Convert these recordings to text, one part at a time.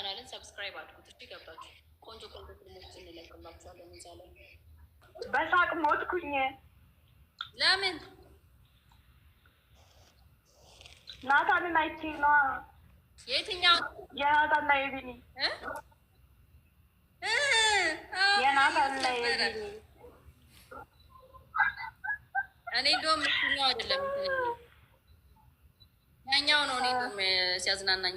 ቻናልን ሰብስክራይብ አድርጉት። እሺ ገባችሁ? ቆንጆ ቆንጆ ፊልሞች እንለቅላችኋለን እዛ ላይ። በሳቅ ሞትኩኝ። ለምን ናታንን አይቼ ነዋ። የትኛው የናታና የቢኒ የናታንና የቢኒ እኔ እንደውም እሱኛው አይደለም ያኛው ነው እኔ ሲያዝናናኝ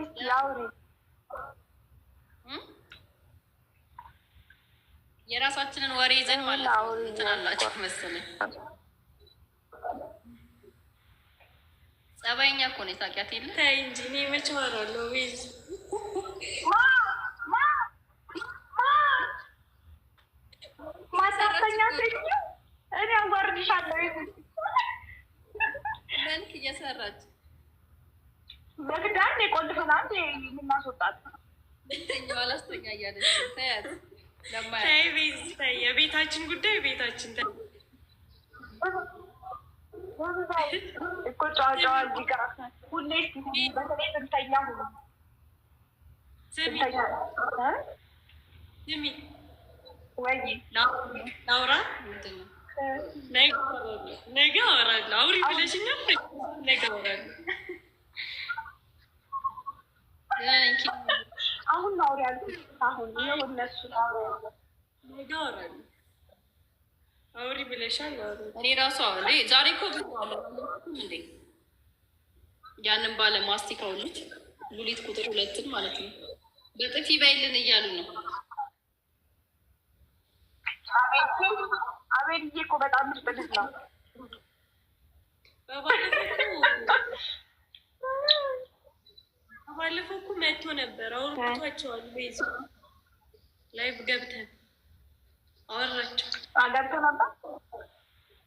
ያውሪ ያውሪ የራሳችንን ወሬ ይዘን ማለት ነው። መሰለኝ። ጸባይኛ እኮ ነው የታውቂያት የለ ተይ እንጂ እኔ መች ቤዝ ማሳተኛ እኔ አዋርድሻለሁ መልክ እየሰራች በግዳን የቆልፍና የምናስወጣት አላስተኛ የቤታችን ጉዳይ ቤታችን ነገ አወራለሁ አውሪ ብለሽኛል ነገ አወራለሁ አሁን ያልኩት አሁን እነሱ አውሪ ብለሻል። እኔ ራሱ ዛሬ እኮ ያንን ባለ ማስቲካው ልጅ ሉሊት ቁጥር ሁለትን ማለት ነው በጥፊ በይልን እያሉ ነው። አቤት እኮ በጣም ምርጥ ልጅ ነው። ነበር አውርቷቸዋል። ቤዝ ላይቭ ገብተን አወራቸው ገብቶ ነበር።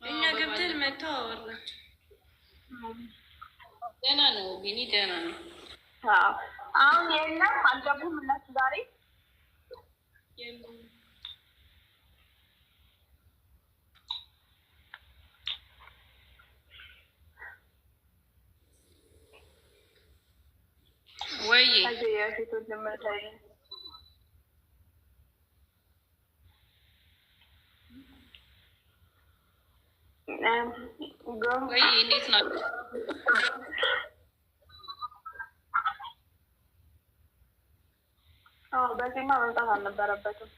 እኛ ገብተን መጥተው አወራቸው። ደህና ነው ቢኒ፣ ደህና ነው። አሁን የለም አልገቡም እነሱ ዛሬ ሴቶች ዝምታይ እንዴት መምጣት አልነበረበትም።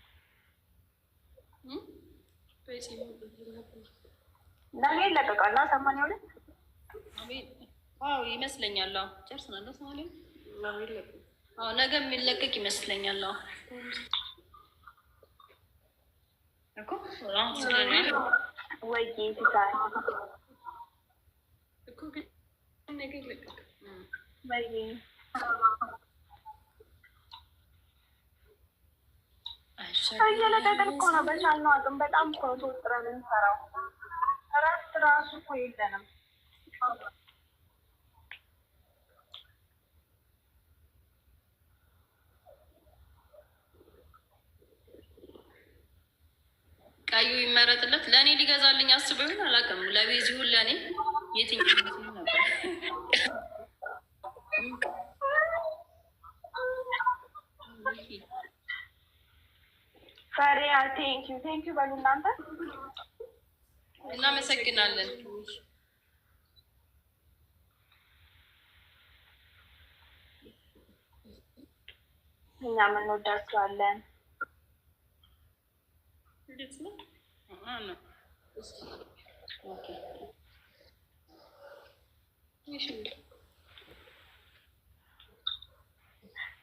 ነገ ይለቀቃል ሰማንያ ሁለት ይመስለኛል። ጨርስናለ ሰማንያ ነገ የሚለቀቅ ይመስለኛል። እየለቀቅን እኮ ነው። በቻልነው አቅም በጣም እኮ ነው እንሰራው። እረፍት ራሱ እኮ የለንም። ሲመረጥለት ለእኔ ሊገዛልኝ አስበ ይሆን አላውቅም። ለቤዚሁን ለእኔ የትኛው ነበር እናመሰግናለን። እኛም እንወዳችኋለን።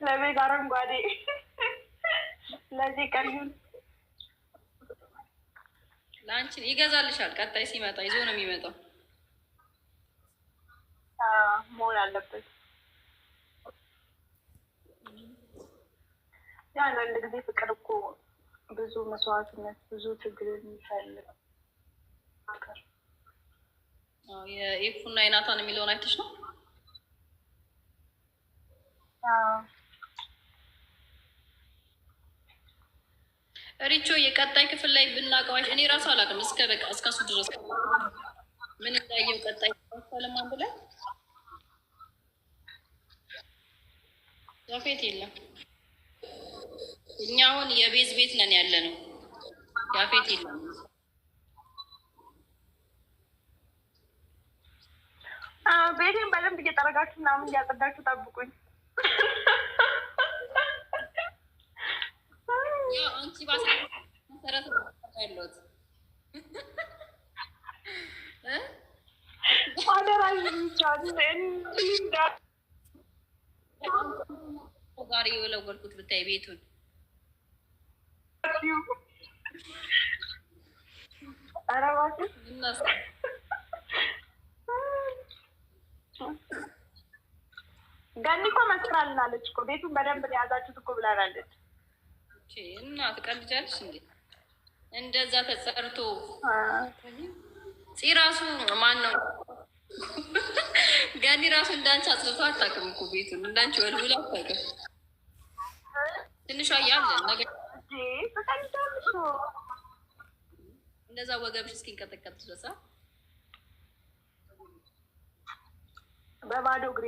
ለቤት አረንጓዴ ለዚህ ቀን ለአንቺ ይገዛልሻል። ቀጣይ ሲመጣ ይዞ ነው የሚመጣው መሆን አለበት። አንዳንድ ጊዜ ፍቅር እኮ ብዙ መስዋዕትነት ብዙ ትግል የሚፈልግ ሀገር የኤፉና የናታን የሚለውን አይተሽ ነው። ሪቾ የቀጣይ ክፍል ላይ ብናቀዋሽ እኔ ራሱ አላውቅም። እስከ በቃ እስካሱ ድረስ ምን እንዳየው ቀጣይ ሰለማን ብለን ዛፌት የለም እኛ አሁን የቤዝ ቤት ነን ያለ ነው። ያፌት የለም። ቤቴን በደንብ እየጠረጋችሁ ምናምን እያጸዳችሁ ጠብቁኝ። ጋር የወለወልኩት ብታይ ቤቱን ገኒ እኮ መስክራልን እኮ ቤቱን በደንብ የያዛችሁት እኮ ብላላለች። እና ትቀልጃለች እንዴ? እንደዛ ተጸርቶ ፂ ራሱ ማን ነው? ገኒ ራሱ እንዳንቺ አታውቅም እኮ ቤቱን እንዳንቺ ወልውላ አታውቅም። ትንሿ እያለ እንደዛ ወገብሽ እስኪንቀጠቀጥ ድረስ በባዶ እግሬ